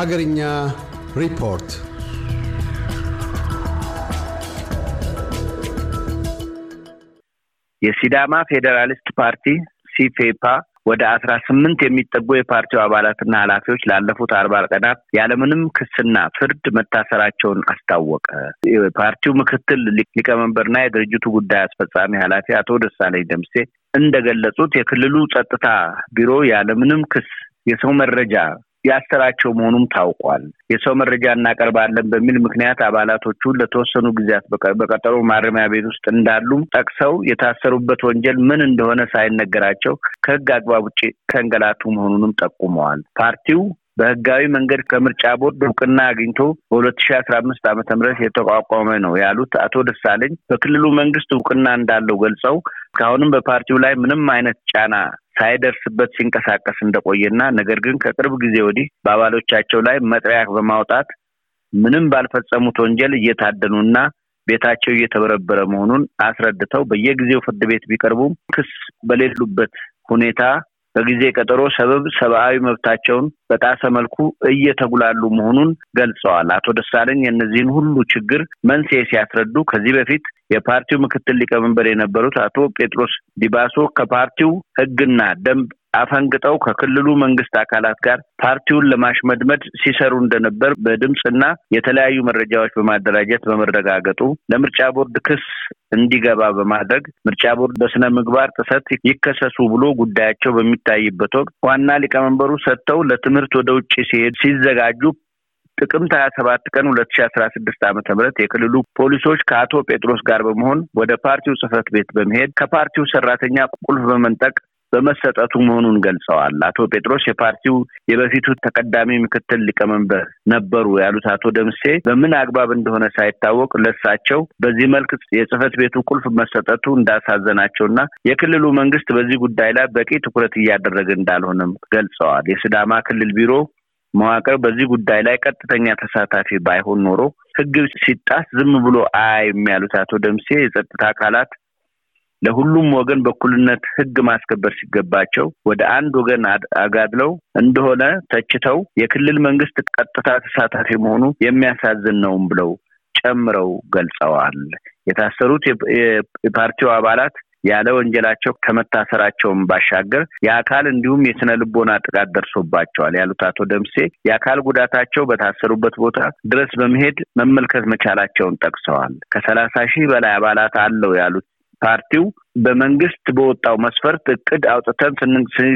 ሀገርኛ ሪፖርት የሲዳማ ፌዴራሊስት ፓርቲ ሲፌፓ ወደ አስራ ስምንት የሚጠጉ የፓርቲው አባላትና ኃላፊዎች ላለፉት አርባ ቀናት ያለምንም ክስና ፍርድ መታሰራቸውን አስታወቀ። የፓርቲው ምክትል ሊቀመንበርና የድርጅቱ ጉዳይ አስፈጻሚ ኃላፊ አቶ ደሳለኝ ደምሴ እንደገለጹት የክልሉ ጸጥታ ቢሮ ያለምንም ክስ የሰው መረጃ ያሰራቸው መሆኑም ታውቋል። የሰው መረጃ እናቀርባለን በሚል ምክንያት አባላቶቹ ለተወሰኑ ጊዜያት በቀጠሮ ማረሚያ ቤት ውስጥ እንዳሉ ጠቅሰው የታሰሩበት ወንጀል ምን እንደሆነ ሳይነገራቸው ከሕግ አግባብ ውጭ ተንገላቱ መሆኑንም ጠቁመዋል። ፓርቲው በህጋዊ መንገድ ከምርጫ ቦርድ እውቅና አግኝቶ በሁለት ሺ አስራ አምስት ዓመተ ምህረት የተቋቋመ ነው ያሉት አቶ ደሳለኝ በክልሉ መንግስት እውቅና እንዳለው ገልጸው እስካሁንም በፓርቲው ላይ ምንም አይነት ጫና ሳይደርስበት ሲንቀሳቀስ እንደቆየና ነገር ግን ከቅርብ ጊዜ ወዲህ በአባሎቻቸው ላይ መጥሪያ በማውጣት ምንም ባልፈጸሙት ወንጀል እየታደኑና ቤታቸው እየተበረበረ መሆኑን አስረድተው በየጊዜው ፍርድ ቤት ቢቀርቡም ክስ በሌሉበት ሁኔታ በጊዜ ቀጠሮ ሰበብ ሰብአዊ መብታቸውን በጣሰ መልኩ እየተጉላሉ መሆኑን ገልጸዋል። አቶ ደሳለኝ የእነዚህን ሁሉ ችግር መንስኤ ሲያስረዱ ከዚህ በፊት የፓርቲው ምክትል ሊቀመንበር የነበሩት አቶ ጴጥሮስ ዲባሶ ከፓርቲው ሕግና ደንብ አፈንግጠው ከክልሉ መንግስት አካላት ጋር ፓርቲውን ለማሽመድመድ ሲሰሩ እንደነበር በድምፅና የተለያዩ መረጃዎች በማደራጀት በመረጋገጡ ለምርጫ ቦርድ ክስ እንዲገባ በማድረግ ምርጫ ቦርድ በስነ ምግባር ጥሰት ይከሰሱ ብሎ ጉዳያቸው በሚታይበት ወቅት ዋና ሊቀመንበሩ ሰጥተው ለትምህርት ወደ ውጭ ሲሄድ ሲዘጋጁ ጥቅምት ሀያ ሰባት ቀን ሁለት ሺ አስራ ስድስት ዓመተ ምህረት የክልሉ ፖሊሶች ከአቶ ጴጥሮስ ጋር በመሆን ወደ ፓርቲው ጽህፈት ቤት በመሄድ ከፓርቲው ሰራተኛ ቁልፍ በመንጠቅ በመሰጠቱ መሆኑን ገልጸዋል። አቶ ጴጥሮስ የፓርቲው የበፊቱ ተቀዳሚ ምክትል ሊቀመንበር ነበሩ ያሉት አቶ ደምሴ በምን አግባብ እንደሆነ ሳይታወቅ ለሳቸው በዚህ መልክ የጽህፈት ቤቱ ቁልፍ መሰጠቱ እንዳሳዘናቸውና የክልሉ መንግስት በዚህ ጉዳይ ላይ በቂ ትኩረት እያደረገ እንዳልሆነም ገልጸዋል። የስዳማ ክልል ቢሮ መዋቅር በዚህ ጉዳይ ላይ ቀጥተኛ ተሳታፊ ባይሆን ኖሮ ሕግ ሲጣስ ዝም ብሎ አያይም ያሉት አቶ ደምሴ የጸጥታ አካላት ለሁሉም ወገን በኩልነት ህግ ማስከበር ሲገባቸው ወደ አንድ ወገን አጋድለው እንደሆነ ተችተው የክልል መንግስት ቀጥታ ተሳታፊ መሆኑ የሚያሳዝን ነውም ብለው ጨምረው ገልጸዋል። የታሰሩት የፓርቲው አባላት ያለ ወንጀላቸው ከመታሰራቸውም ባሻገር የአካል እንዲሁም የስነ ልቦና ጥቃት ደርሶባቸዋል ያሉት አቶ ደምሴ የአካል ጉዳታቸው በታሰሩበት ቦታ ድረስ በመሄድ መመልከት መቻላቸውን ጠቅሰዋል። ከሰላሳ ሺህ በላይ አባላት አለው ያሉት ፓርቲው በመንግስት በወጣው መስፈርት እቅድ አውጥተን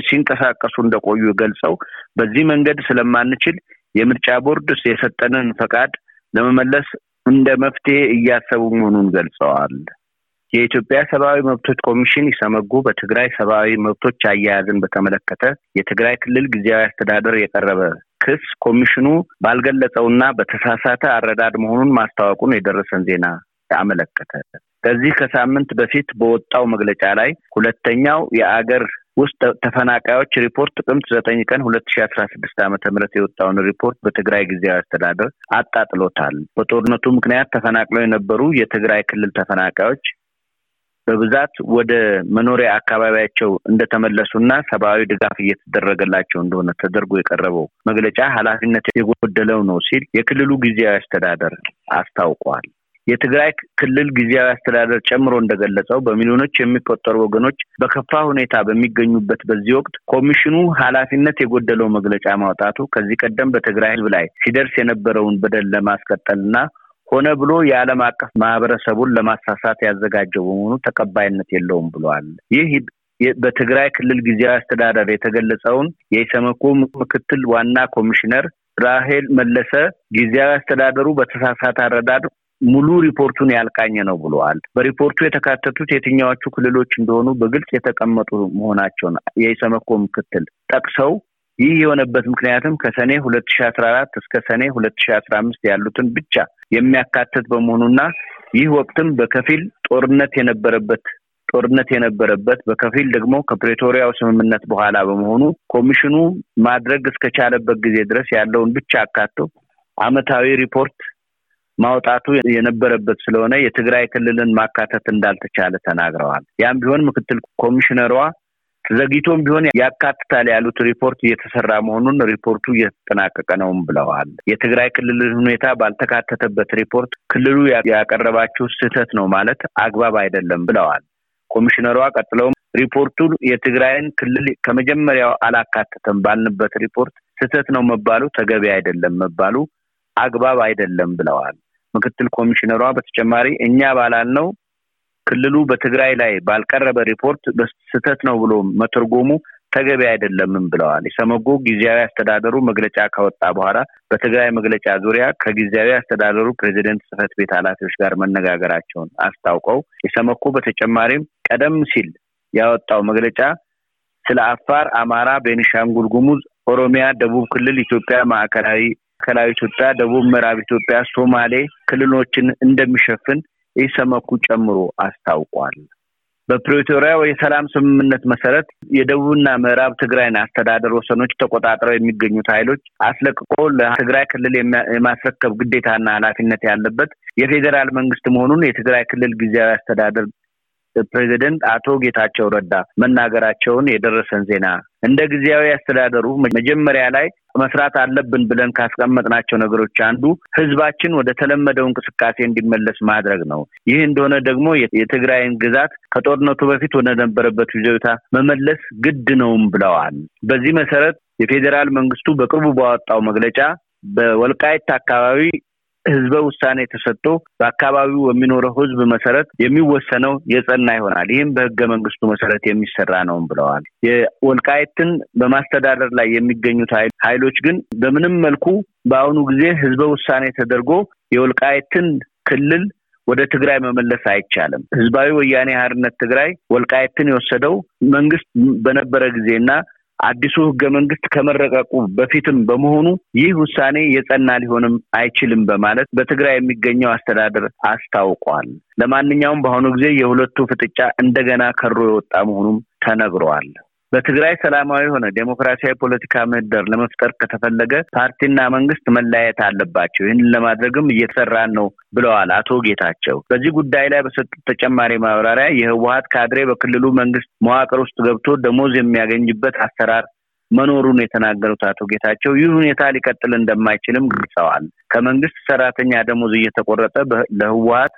ሲንቀሳቀሱ እንደቆዩ ገልጸው በዚህ መንገድ ስለማንችል የምርጫ ቦርድ የሰጠንን ፈቃድ ለመመለስ እንደ መፍትሄ እያሰቡ መሆኑን ገልጸዋል። የኢትዮጵያ ሰብአዊ መብቶች ኮሚሽን ይሰመጉ በትግራይ ሰብአዊ መብቶች አያያዝን በተመለከተ የትግራይ ክልል ጊዜያዊ አስተዳደር የቀረበ ክስ ኮሚሽኑ ባልገለጸውና በተሳሳተ አረዳድ መሆኑን ማስታወቁን የደረሰን ዜና አመለከተ። ከዚህ ከሳምንት በፊት በወጣው መግለጫ ላይ ሁለተኛው የአገር ውስጥ ተፈናቃዮች ሪፖርት ጥቅምት ዘጠኝ ቀን ሁለት ሺ አስራ ስድስት ዓመተ ምህረት የወጣውን ሪፖርት በትግራይ ጊዜያዊ አስተዳደር አጣጥሎታል። በጦርነቱ ምክንያት ተፈናቅለው የነበሩ የትግራይ ክልል ተፈናቃዮች በብዛት ወደ መኖሪያ አካባቢያቸው እንደተመለሱና ሰብአዊ ድጋፍ እየተደረገላቸው እንደሆነ ተደርጎ የቀረበው መግለጫ ኃላፊነት የጎደለው ነው ሲል የክልሉ ጊዜያዊ አስተዳደር አስታውቋል። የትግራይ ክልል ጊዜያዊ አስተዳደር ጨምሮ እንደገለጸው በሚሊዮኖች የሚቆጠሩ ወገኖች በከፋ ሁኔታ በሚገኙበት በዚህ ወቅት ኮሚሽኑ ኃላፊነት የጎደለው መግለጫ ማውጣቱ ከዚህ ቀደም በትግራይ ህዝብ ላይ ሲደርስ የነበረውን በደል ለማስቀጠልና ሆነ ብሎ የዓለም አቀፍ ማህበረሰቡን ለማሳሳት ያዘጋጀው በመሆኑ ተቀባይነት የለውም ብለዋል። ይህ በትግራይ ክልል ጊዜያዊ አስተዳደር የተገለጸውን የኢሰመኮ ምክትል ዋና ኮሚሽነር ራሄል መለሰ ጊዜያዊ አስተዳደሩ በተሳሳተ አረዳድ ሙሉ ሪፖርቱን ያልቃኘ ነው ብለዋል። በሪፖርቱ የተካተቱት የትኛዎቹ ክልሎች እንደሆኑ በግልጽ የተቀመጡ መሆናቸውን የኢሰመኮ ምክትል ጠቅሰው ይህ የሆነበት ምክንያትም ከሰኔ ሁለት ሺ አስራ አራት እስከ ሰኔ ሁለት ሺ አስራ አምስት ያሉትን ብቻ የሚያካትት በመሆኑና ይህ ወቅትም በከፊል ጦርነት የነበረበት ጦርነት የነበረበት በከፊል ደግሞ ከፕሬቶሪያው ስምምነት በኋላ በመሆኑ ኮሚሽኑ ማድረግ እስከቻለበት ጊዜ ድረስ ያለውን ብቻ አካቶ አመታዊ ሪፖርት ማውጣቱ የነበረበት ስለሆነ የትግራይ ክልልን ማካተት እንዳልተቻለ ተናግረዋል። ያም ቢሆን ምክትል ኮሚሽነሯ ዘግይቶም ቢሆን ያካትታል ያሉት ሪፖርት እየተሰራ መሆኑን ሪፖርቱ እየተጠናቀቀ ነውም ብለዋል። የትግራይ ክልል ሁኔታ ባልተካተተበት ሪፖርት ክልሉ ያቀረባቸው ስህተት ነው ማለት አግባብ አይደለም ብለዋል። ኮሚሽነሯ ቀጥለውም ሪፖርቱ የትግራይን ክልል ከመጀመሪያው አላካተተም ባልንበት ሪፖርት ስህተት ነው መባሉ ተገቢ አይደለም መባሉ አግባብ አይደለም ብለዋል። ምክትል ኮሚሽነሯ በተጨማሪ እኛ ባላልነው ክልሉ በትግራይ ላይ ባልቀረበ ሪፖርት በስህተት ነው ብሎ መተርጎሙ ተገቢ አይደለምም ብለዋል። የሰመጎ ጊዜያዊ አስተዳደሩ መግለጫ ከወጣ በኋላ በትግራይ መግለጫ ዙሪያ ከጊዜያዊ አስተዳደሩ ፕሬዚደንት ጽህፈት ቤት ኃላፊዎች ጋር መነጋገራቸውን አስታውቀው የሰመኮ በተጨማሪም ቀደም ሲል ያወጣው መግለጫ ስለ አፋር፣ አማራ፣ ቤኒሻንጉል ጉሙዝ፣ ኦሮሚያ፣ ደቡብ ክልል፣ ኢትዮጵያ ማዕከላዊ ማዕከላዊ ኢትዮጵያ፣ ደቡብ ምዕራብ ኢትዮጵያ፣ ሶማሌ ክልሎችን እንደሚሸፍን ኢሰመኩ ጨምሮ አስታውቋል። በፕሪቶሪያው የሰላም ስምምነት መሰረት የደቡብና ምዕራብ ትግራይን አስተዳደር ወሰኖች ተቆጣጥረው የሚገኙት ኃይሎች አስለቅቆ ለትግራይ ክልል የማስረከብ ግዴታና ኃላፊነት ያለበት የፌዴራል መንግስት መሆኑን የትግራይ ክልል ጊዜያዊ አስተዳደር ፕሬዚደንት አቶ ጌታቸው ረዳ መናገራቸውን የደረሰን ዜና። እንደ ጊዜያዊ አስተዳደሩ መጀመሪያ ላይ መስራት አለብን ብለን ካስቀመጥናቸው ነገሮች አንዱ ህዝባችን ወደ ተለመደው እንቅስቃሴ እንዲመለስ ማድረግ ነው። ይህ እንደሆነ ደግሞ የትግራይን ግዛት ከጦርነቱ በፊት ወደ ነበረበት ይዞታ መመለስ ግድ ነውም ብለዋል። በዚህ መሰረት የፌዴራል መንግስቱ በቅርቡ ባወጣው መግለጫ በወልቃይት አካባቢ ህዝበ ውሳኔ ተሰጥቶ በአካባቢው በሚኖረው ህዝብ መሰረት የሚወሰነው የጸና ይሆናል። ይህም በህገ መንግስቱ መሰረት የሚሰራ ነውም ብለዋል። የወልቃየትን በማስተዳደር ላይ የሚገኙት ኃይሎች ግን በምንም መልኩ በአሁኑ ጊዜ ህዝበ ውሳኔ ተደርጎ የወልቃየትን ክልል ወደ ትግራይ መመለስ አይቻልም። ህዝባዊ ወያኔ ሀርነት ትግራይ ወልቃየትን የወሰደው መንግስት በነበረ ጊዜና አዲሱ ህገ መንግስት ከመረቀቁ በፊትም በመሆኑ ይህ ውሳኔ የጸና ሊሆንም አይችልም በማለት በትግራይ የሚገኘው አስተዳደር አስታውቋል። ለማንኛውም በአሁኑ ጊዜ የሁለቱ ፍጥጫ እንደገና ከሮ የወጣ መሆኑም ተነግሯል። በትግራይ ሰላማዊ የሆነ ዴሞክራሲያዊ ፖለቲካ ምህዳር ለመፍጠር ከተፈለገ ፓርቲና መንግስት መለያየት አለባቸው። ይህንን ለማድረግም እየተሰራን ነው ብለዋል አቶ ጌታቸው። በዚህ ጉዳይ ላይ በሰጡት ተጨማሪ ማብራሪያ የህወሀት ካድሬ በክልሉ መንግስት መዋቅር ውስጥ ገብቶ ደሞዝ የሚያገኝበት አሰራር መኖሩን የተናገሩት አቶ ጌታቸው ይህ ሁኔታ ሊቀጥል እንደማይችልም ገልጸዋል። ከመንግስት ሰራተኛ ደሞዝ እየተቆረጠ ለህወሀት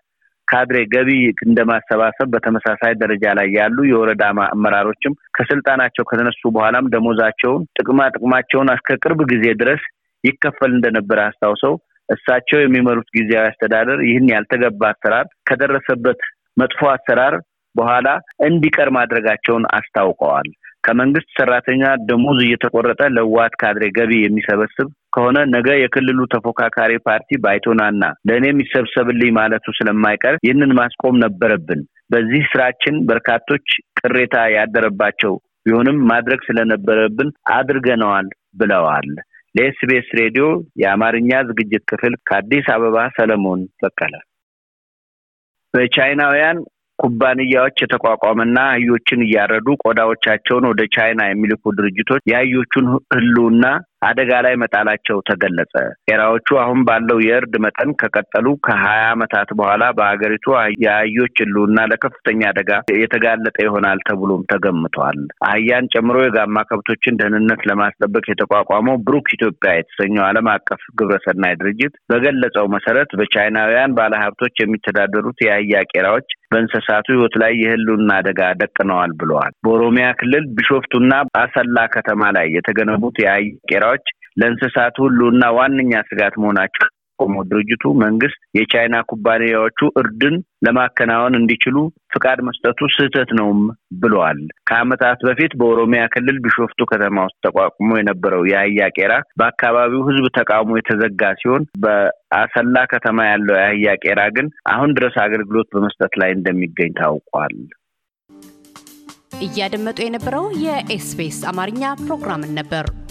ካድሬ ገቢ እንደማሰባሰብ በተመሳሳይ ደረጃ ላይ ያሉ የወረዳ አመራሮችም ከስልጣናቸው ከተነሱ በኋላም ደሞዛቸውን፣ ጥቅማ ጥቅማቸውን እስከ ቅርብ ጊዜ ድረስ ይከፈል እንደነበረ አስታውሰው እሳቸው የሚመሩት ጊዜያዊ አስተዳደር ይህን ያልተገባ አሰራር ከደረሰበት መጥፎ አሰራር በኋላ እንዲቀር ማድረጋቸውን አስታውቀዋል። ከመንግስት ሰራተኛ ደሞዝ እየተቆረጠ ለዋት ካድሬ ገቢ የሚሰበስብ ከሆነ ነገ የክልሉ ተፎካካሪ ፓርቲ ባይቶናና ለእኔም ይሰብሰብልኝ ማለቱ ስለማይቀር ይህንን ማስቆም ነበረብን። በዚህ ስራችን በርካቶች ቅሬታ ያደረባቸው ቢሆንም ማድረግ ስለነበረብን አድርገነዋል ብለዋል። ለኤስቢኤስ ሬዲዮ የአማርኛ ዝግጅት ክፍል ከአዲስ አበባ ሰለሞን በቀለ። በቻይናውያን ኩባንያዎች የተቋቋመና አህዮችን እያረዱ ቆዳዎቻቸውን ወደ ቻይና የሚልኩ ድርጅቶች የአህዮቹን ህልውና አደጋ ላይ መጣላቸው ተገለጸ። ቄራዎቹ አሁን ባለው የእርድ መጠን ከቀጠሉ ከሀያ ዓመታት በኋላ በሀገሪቱ የአህዮች ህልውና ለከፍተኛ አደጋ የተጋለጠ ይሆናል ተብሎም ተገምቷል። አህያን ጨምሮ የጋማ ከብቶችን ደህንነት ለማስጠበቅ የተቋቋመው ብሩክ ኢትዮጵያ የተሰኘው ዓለም አቀፍ ግብረሰናይ ድርጅት በገለጸው መሰረት በቻይናውያን ባለሀብቶች የሚተዳደሩት የአህያ ቄራዎች በእንስሳቱ ሕይወት ላይ የህልውና አደጋ ደቅነዋል ብለዋል። በኦሮሚያ ክልል ቢሾፍቱና አሰላ ከተማ ላይ የተገነቡት የአየር ቄራዎች ለእንስሳቱ ህልውና ዋነኛ ስጋት መሆናቸው ቆሞ ድርጅቱ መንግስት የቻይና ኩባንያዎቹ እርድን ለማከናወን እንዲችሉ ፍቃድ መስጠቱ ስህተት ነውም ብለዋል። ከአመታት በፊት በኦሮሚያ ክልል ቢሾፍቱ ከተማ ውስጥ ተቋቁሞ የነበረው የአህያ ቄራ በአካባቢው ህዝብ ተቃውሞ የተዘጋ ሲሆን በአሰላ ከተማ ያለው የአህያ ቄራ ግን አሁን ድረስ አገልግሎት በመስጠት ላይ እንደሚገኝ ታውቋል። እያደመጡ የነበረው የኤስቢኤስ አማርኛ ፕሮግራምን ነበር።